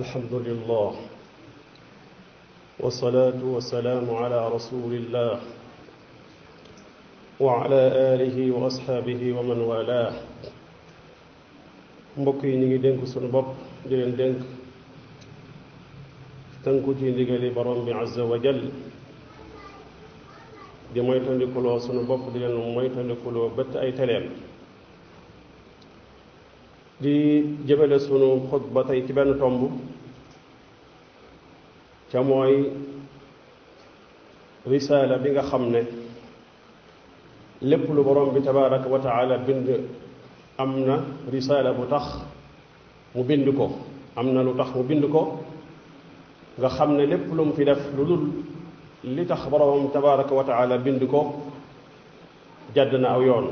الحمد لله والصلاة والسلام على رسول الله وعلى آله وأصحابه ومن والاه mbokk yi ñu ngi dénk sunu bopp di leen dénk tënku ci ndigali borom bi azza wa jal di moytandikuloo sunu bopp di leen moytandikuloo bët ay teleem di jëmale sunu xutba tey ci benn tomb ca mooy risaala bi nga xam ne lépp lu borom bi tabaraka wa taala bind am na risaala bu tax mu bind ko am na lu tax mu bind ko nga xam ne lépp lu mu fi def lu dul li tax boromam tabaraka wa taala bind ko jàdd na aw yoon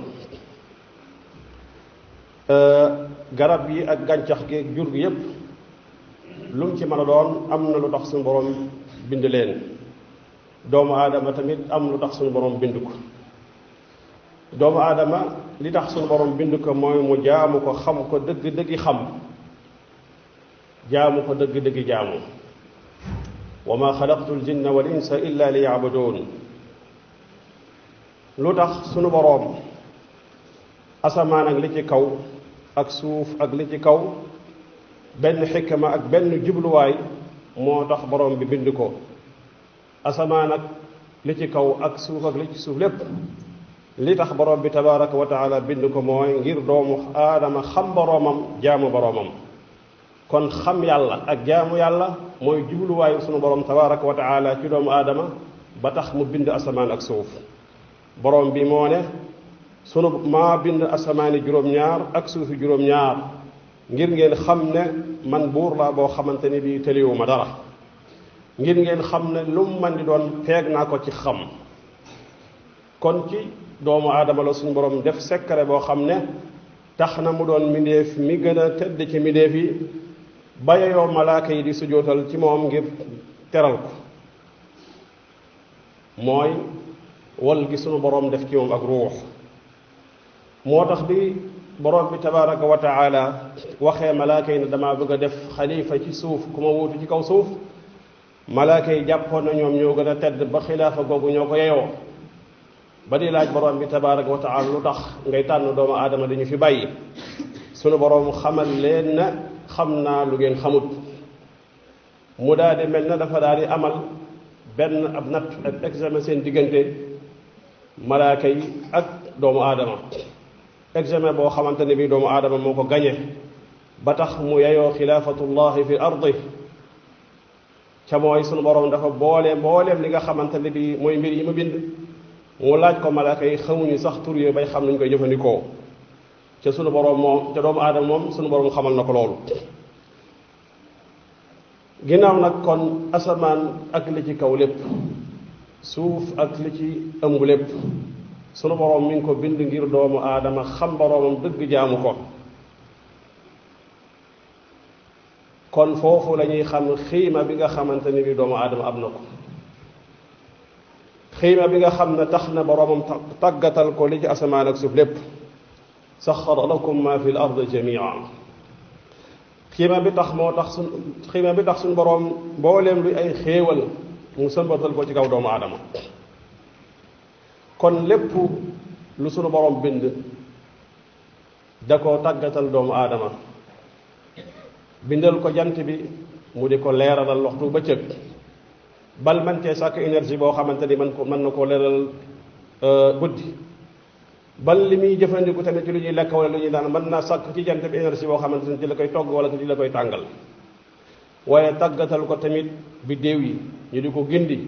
euh, garab yi ak gàncax gi ak jur gi yépp lu mu ci mën a doon am na lu tax suñu borom bind leen doomu aadama tamit am lu tax suñu borom bind ko doomu aadama li tax suñu borom bind ko mooy mu jaamu ko xam ko dëgg-dëggi xam jaamu ko dëgg-dëggi jaamu wa ma xalaqtu ljinna wal insa illa li yaabuduun lu tax suñu boroom asamaan ak li ci kaw ak suuf ak li ci kaw benn xikma ak benn jubluwaay moo tax boroom bi bind ko asamaan ak li ci kaw ak suuf ak li ci suuf lépp li tax borom bi tabaaraka wa bind ko mooy ngir doomu aadama xam boroomam jaamu boroomam kon xam yàlla ak jaamu yàlla mooy jubluwaayu sunu borom tabaaraka wa ci doomu aadama ba tax mu bind asamaan ak suuf borom bi moo ne sunu maa bind asamaani juróom-ñaar ak suufi juróom-ñaar ngir ngeen xam ne man buur laa boo xamante ni bii tëliwuma dara ngir ngeen xam ne lu mu man di doon peeg naa ko ci xam kon ci doomu aadama la suñu boroom def sekkare boo xam ne tax na mu doon mindéef mi gën a tëdd ci mindéef yi bayayoo malaaka yi di sujootal ci moom ngir teral ko mooy wal gi suñu boroom def ci moom ak ruux moo tax bi borom bi tabaraka wa taala waxee malaaka yi ne damaa bëgg a def xalifa ci suuf ku ma wuutu ci kaw suuf malaaka yi jàppoon na ñoom ñoo gën a tedd ba xilaafa googu ñoo ko yeyoo ba di laaj borom bi tabaraka wa taala lu tax ngay tànn doomu aadama dañu fi bàyyi sunu borom xamal leen xam naa lu ngeen xamut mu daal mel na dafa daal di amal benn ab natt ab examen seen diggante malaaka yi ak doomu aadama examen boo xamante ne bii doomu aadama moo ko gañe ba tax mu yeyoo xilaafatullahi fi ardi ca mooy sunu borom dafa boole mbooleem li nga xamante ne bii mooy mbir yi ma bind mu laaj ko malaaka yi xamuñu sax tur yooyu bay xam nañu koy jëfandikoo ca sunu borom moom ca doomu aadama moom sunu borom xamal na ko loolu ginnaaw nag kon asamaan ak li ci kaw lépp suuf ak li ci ëmb lépp sunu boroom mi ngi ko bind ngir doomu aadama xam boroomam dëgg jaamu ko kon foofu lañuy ñuy xam xiima bi nga xamante ni bi doomu aadama am na ko xiima bi nga xam ne tax na boroomam tàggatal ko li ci asamaan ak lépp saxara lakum ma fi l ard jamia xiima bi tax moo tax sun xiima bi tax suñu boroom mbooleem luy ay xéewal mu sëmbatal ko ci kaw doomu aadama kon lépp lu sunu borom bind da ko tàggatal doomu aadama bindal ko jant bi mu di ko leeralal waxtu bëccëg bal man cee sàkk énergie boo xamante ni man ko mën na koo leeral euh, guddi bal li muy jëfandiku tamit ci lu ñuy lekk wala lu ñuy naan mën naa sàkk ci jant bi énergie boo xamante ni ci la koy togg wala ci la koy tàngal waaye tàggatal ko tamit biddéew yi ñu di ko gindi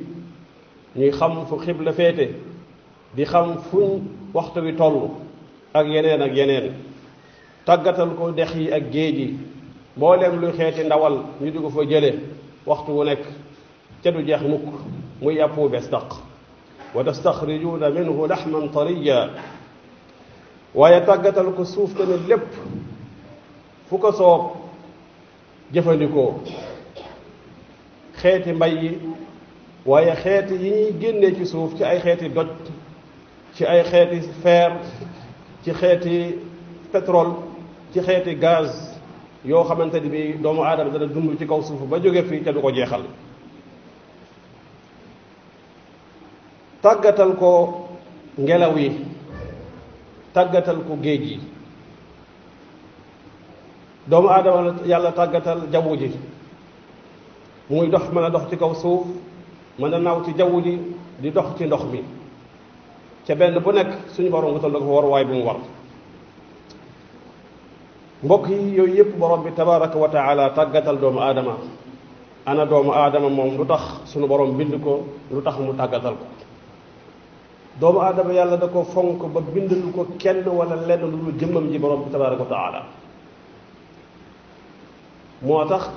ñuy xam fu xibla féete di xam fu waxtu wi toll ak yeneen ak yeneen tàggatal ko dex yi ak géej yi mboolem luy xeeti ndawal ñu di ko fa jële waxtu wu nekk ca du jeex mukk muy yàpp wu bees taq wa tastaxrijuuna minhu laxman tariya waaye tàggatal ko suuf tamit lépp fu ko soob jëfandikoo xeeti mbay yi waaye xeeti yi ñuy génnee ci suuf ci ay xeeti doj ci ay xeeti fer ci xeeti petrol ci xeeti gaz yoo xamante ni bi doomu aadama dana dund ci kaw suuf ba jóge fii te ko jeexal tàggatal ko ngelaw yi tàggatal ko géej yi doomu aadama la yàlla tàggatal jaww ji muy dox mën a dox ci kaw suuf mën a naaw ci jaww ji di dox ci ndox mi ca benn bu nekk suñu borom wutal na bu mu war mbokk yooyu yëpp borom bi tabaraka wa tàggatal doomu aadama ana doomu aadama moom lu tax suñu borom bind ko lu tax mu tàggatal ko doomu aadama yàlla da ko fonk ba bindalu ko kenn wala lenn lu dul jëmmam ji borom bi tabaraka wa taala moo tax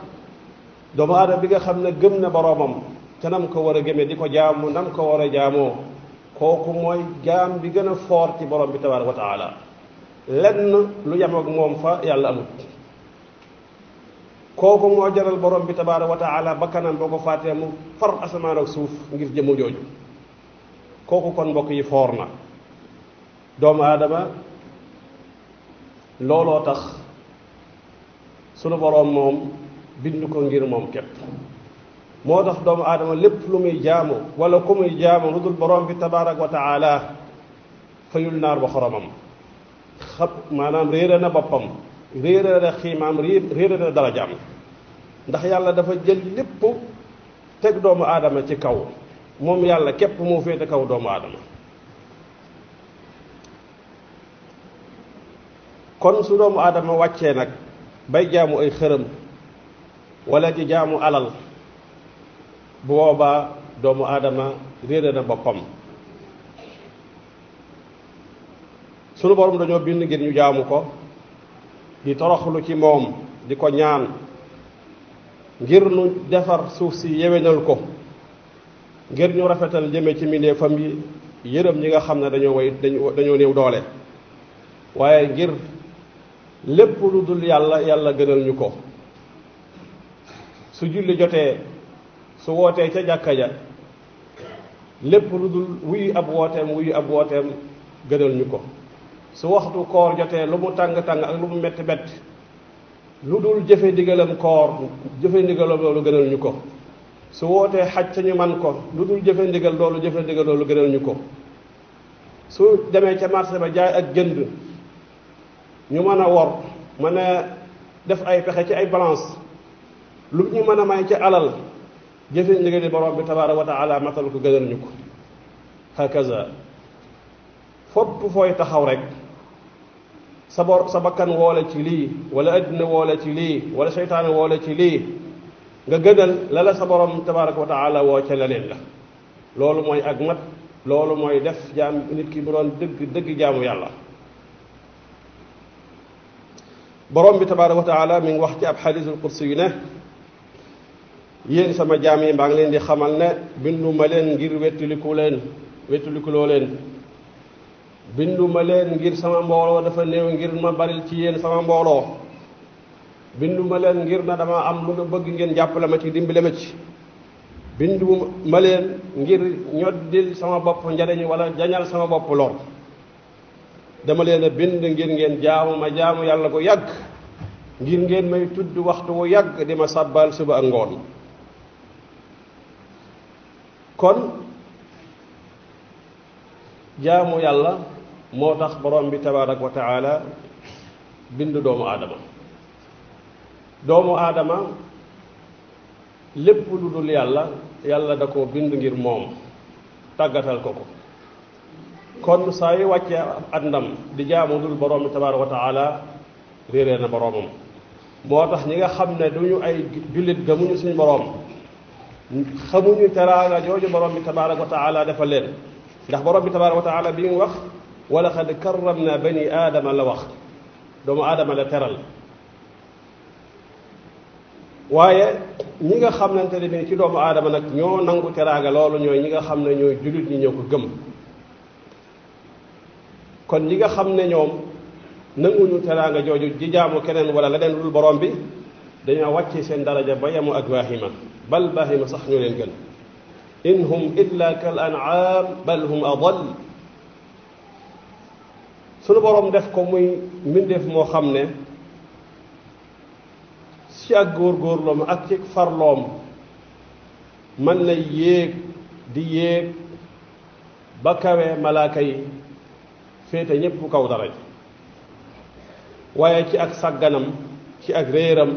doomu aadama bi nga xam ne gëm na boromam te nam ko war a gëmee di ko jaamu nam ko war a jaamoo kooku mooy jaam bi gën a foor ci borom bi tabaaraka wa taala lenn lu yem ak moom fa yàlla amut kooku moo jaral borom bi tabaaraka wa taala bakkanam boo ko fàttee mu far asamaan ak suuf ngir jëmu jooju kooku kon mbokk yi foor na doomu aadama looloo tax sunu boroom moom bind ko ngir moom képp moo tax doomu aadama lépp lu muy jaamu wala ku muy jaamu lu dul borom bi tabaaraka wa taala fayul naar ba xoromam xam maanaam réere na boppam réere na xiimaam réere na darajaam ndax yàlla dafa jël lépp teg doomu aadama ci kaw moom yàlla képp moo féete kaw doomu aadama kon su doomu aadama wàccee nag bay jaamu ay xërëm wala di jaamu alal bu boobaa doomu aadama réere na boppam sunu borom dañoo bind ngir ñu jaamu ko di toroxlu ci moom di ko ñaan ngir nu defar suuf si yewenal ko ngir ñu rafetal jëme ci mbindeefam yi yërëm ñi nga xam ne dañoo way dañoo néew doole waaye ngir lépp lu dul yàlla yàlla gënal ñu ko su julli jotee su wootee ca jàkka ja lépp lu dul wuyu ab wooteem wuyu ab wooteem gënal ñu ko su waxtu koor jotee lu mu tàng-tàng ak lu mu metti metti lu dul jëfe ndigalam koor jëfe ndigalam loolu gënal ñu ko su wootee xaj ca ñu lu dul jëfe loolu jëfe ndigal loolu gënal ñu ko su demee ca marché ba jaay ak jënd ñu mën a wor mën a def ay pexe ci ay balance lu ñu mën a may ca alal jëfe ndigali borom bi tabaaraka wa taala matal ko gënal ñu ko hakaza fopp fooy taxaw rek sa bor sa bakkan woole ci lii wala addina woole ci lii wala seytaane woole ci lii nga gënal la sa borom tabaaraka wa taala woo ca leneen la loolu mooy ak mat loolu mooy def jaam nit ki mu doon dëgg dëgg jaamu yàlla borom bi tabaaraka wa taala mi wax ci ab xadiisul qudsi yu ne yéen sama jaam yi maa ngi leen di xamal ne binduma leen ngir wettiliku leen wettilikuloo leen binduma leen ngir sama mbooloo dafa néew ngir ma baril ci yéen sama mbooloo binduma leen ngir na dama am lu nga bëgg ngeen jàppale ma ci dimbale ma ci binduma leen ngir ñoddil sama bopp njariñ wala jañal sama bopp lor dama leen a bind ngir ngeen jaamu ma jaamu yàlla ko yàgg ngir ngeen may tudd waxtu wu yàgg di ma sàbbaal suba ak ngoon kon jaamu yàlla moo tax boroom bi tabaaraka wa bind doomu aadama doomu aadama lépp lu dul yàlla yàlla da ko bind ngir moom tàggatal ko ko kon saa yu wàccee ak ndam di jaamu dul borom bi tabaaraka wa taala na boromam moo tax ñi nga xam ne duñu ay jullit gëmuñu suñu borom. xamuñu teraanga jooju borom bi tabaraka wa taala dafa leen ndax borom bi tabaraka wa taala bi mu wax wala xad karram na bani aadama la wax doomu aadama la teral waaye ñi nga xamante ne bi ci doomu aadama nag ñoo nangu teraanga loolu ñooy ñi nga xam ne ñooy jullit ñi ñoo ko gëm kon nga xam ne ñoom nanguñu teraanga jooju ji jaamu keneen wala leneen lul borom bi dañoo wàcce seen daraja ba yemu ak waahima bal ma sax ñu leen gën in hum illa kal an'am bal hum adall sunu boroom def ko muy mbindeef moo xam ne si ak góorgóorloom ak ci farloom mën na yéeg di yéeg ba kawee malaaka yi féete ñépp kaw dara ji waaye ci ak sàgganam ci ak réeram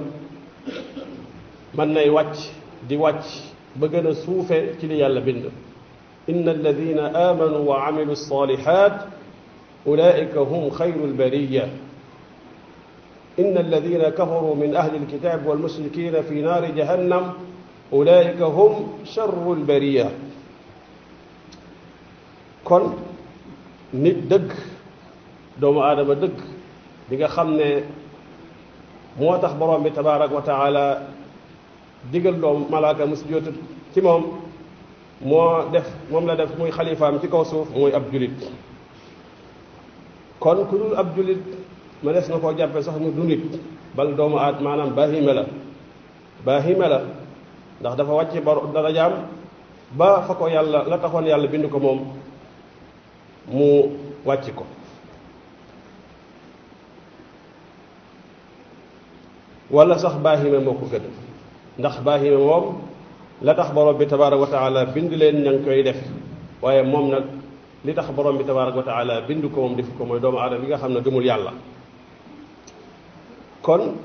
mën nay wàcc di wàcc ba gën a suufe ci li yàlla bind inna alladina amanu wa amilu salihat ulaika hum xayru lbariya inna alladina kafaru min ahli alkitab walmushrikina fi naari jahannam ulaika hum charru lbariya kon nit dëgg doomu aadama dëgg di nga xam ne moo tax borom bi tabaaraka wa taala digal doom malaaka mu sujjóot ci moom moo def moom la def muy xalifaam ci kaw suuf muy ab julit kon ku dul ab julit ma des na koo jàppe sax mu du nit doomu aat maanaam bahime la bahime la ndax dafa wàcc bor darajaam ba fa ko yàlla la taxoon yàlla bind ko moom mu wàcc ko wala sax bahime moo ko gën ndax baahir moom la tax borom bi tabaaraka wa taala bind leen ña koy def waaye moom nag li tax borom bi tabaaraka wa taala bind ko moom def ko mooy doomu aadama yi nga xam ne gëmul yàlla kon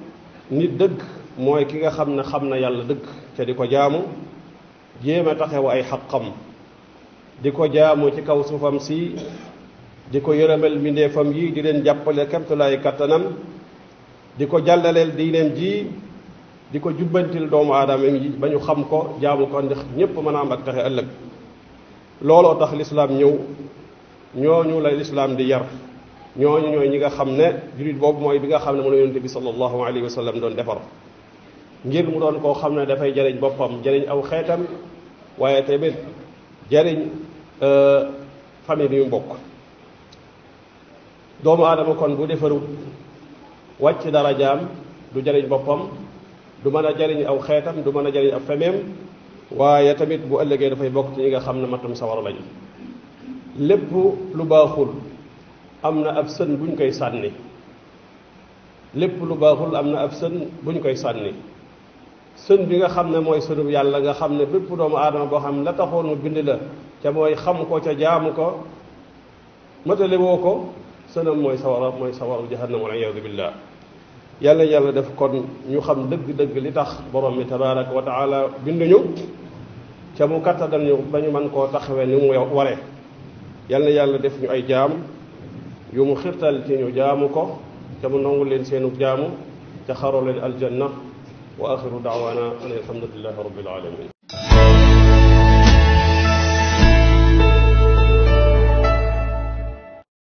nit dëgg mooy ki nga xam ne xam na yàlla dëgg te di ko jaamu jéem a taxew ay xaqam di ko jaamu ci kaw suufam si di ko yërëmal mbindeefam yi di leen jàppale kemtulaay kàttanam di ko jàllaleel di leen ji di ko jubbantil doomu aadama yi ba ñu xam ko jaamu ko ndax ñépp mën a am ak taxe ëllëg looloo tax lislaam ñëw ñooñu la lislaam di yar ñooñu ñooy ñi nga xam ne jullit boobu mooy bi nga xam ne moom la yonente bi sallallahu alayhi wa sallam doon defar ngir mu koo xam ne dafay jariñ boppam jariñ aw xeetam waaye tamit jariñ euh, famille bi mu doomu aadama kon bu defarut wàcc dara darajaam du jariñ boppam du mën a jariñ aw xeetam du mën a jariñ ab femeem waaye tamit bu ëllëgee dafay bokk ci ñi nga xam ne matum sawara lañu lépp lu baaxul am na ab sën buñ koy sànni lépp lu baaxul am na ab sën buñ koy sànni sën bi nga xam ne mooy sënub yàlla nga xam ne bépp doomu aadama boo xam ne la taxoon mu bind la ca mooy xam ko ca jaamu ko matale woo ko sënam mooy sawara mooy sawaru jahannam wal iyaadu billah yàlla yàlla def kon ñu xam dëgg-dëgg li tax borom mi tabaraka wa taala binduñu ca mu kàttanal ñu ba ñu mën koo taxawee ni mu waree yàlla yàlla def ñu ay jaam yu mu xirtal ci ñu jaamu ko ca mu nangu leen seenu jaamu ca xaroo leen aljanna wa axiru daawaana an alhamdulilahi rabbil alamin